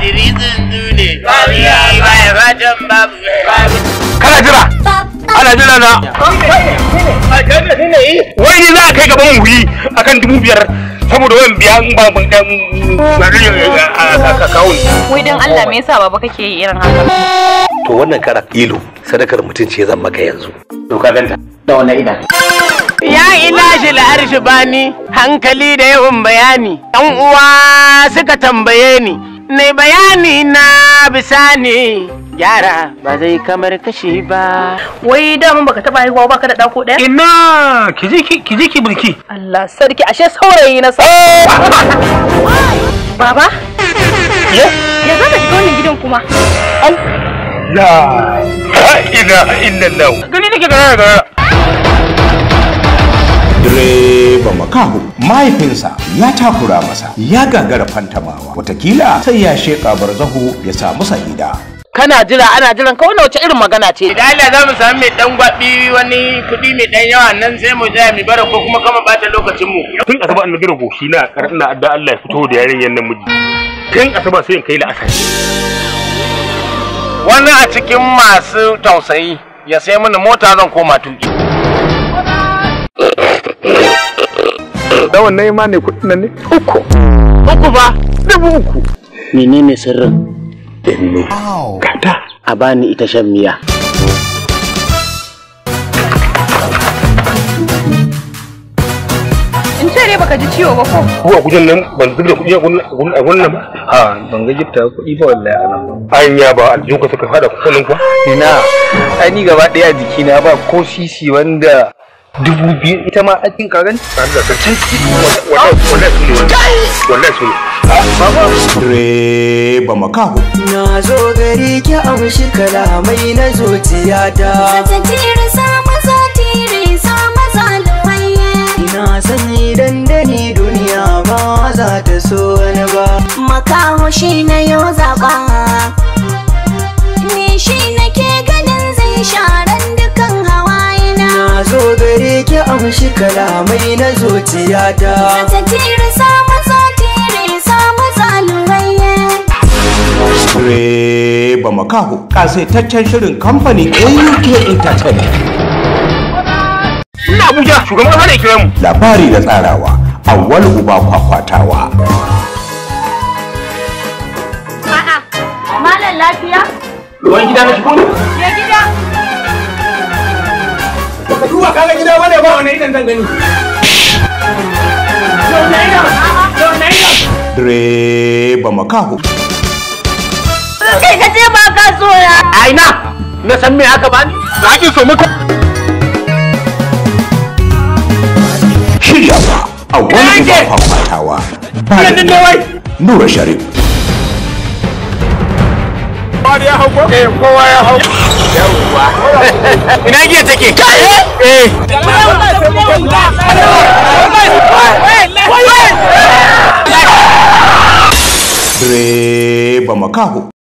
adirizin dune bai rajan babu kana jira ana jira na wai ni za a kai gaban wuri a kan dubu biyar saboda wani biya in ba ban dan kakawun wai dan Allah me yasa baba kake yi irin haka to wannan kara ilo sadakar mutunci ya zan maka yanzu to ka ganta da wannan idan. Ya ila shi la'arshi bani hankali da yawan bayani, ‘yan uwa suka tambaye ni, ne bayani na bisani yara ba zai kamar kashi ba wai dama baka taba haihuwa baka da dako daya ina ki je ki bulki Allah sarki ashe saurayi na sa eh, baba ya ya ka shiga wannan gidan kuma ya ina inna lau gani nake gara gara direba makaho mahaifinsa ya takura masa ya gagara fantamawa watakila sai ya sheƙa barzahu ya samu sa'ida kana jira ana jiran ka wannan wace irin magana ce idan Allah za mu samu mai dan gwabi wani kuɗi mai dan yawa nan sai mu je mu bara ko kuma kama bata lokacin mu tun asaba annabi da goshi na karin adda Allah ya fito da yarinyan nan miji tun asaba sai in kai la'asar wani a cikin masu tausayi ya sai mana mota zan koma tuki nawa na yi ma ne kuɗin nan ne uku uku ba dubu uku menene sirrin danne gata a bani ita shan miya in ce ne baka ji ciwo ba ko ko a kujin nan ban zubda kuɗi a gurin ba a ban ga gifta kuɗi ba wallahi a nan an ya ba aljihun ka suka fada kuɗin kuwa ina ai ni gaba ɗaya jikina ba ko sisi wanda dubu biyu ita ma aikin kagan tare da sarki wallahi su ne wallahi su ne reba makaho na zo gari ki amshi kalamai na zuciya ta satire sama satire sama zalumaye. ina sanyi dandani duniya ba za ta so wani ba makaho shi na yau zaba ni shi na ke. kalamai na ta Satiri samu satiri samu zaluwaye Shire ba makaho kasaitaccen shirin kamfani AUK Entertainment Ina Abuja shugaban hana kira mu labari da tsarawa awwal uba kwakwatawa A'a malam lafiya Ruwan gida na shigo ne? Ya gida ba kaga gida bane ba wani idan zan gani Direba makaho. Kai ka ce ba ka so ya. Aina, na san me haka ba ni? Za ki so muka. Shiryawa a wani uba Ba ni ne wai. Nura Sharif. Kowa ya hau ko? Eh, kowa ya hau. Inaingia teke. Eh. Makaho.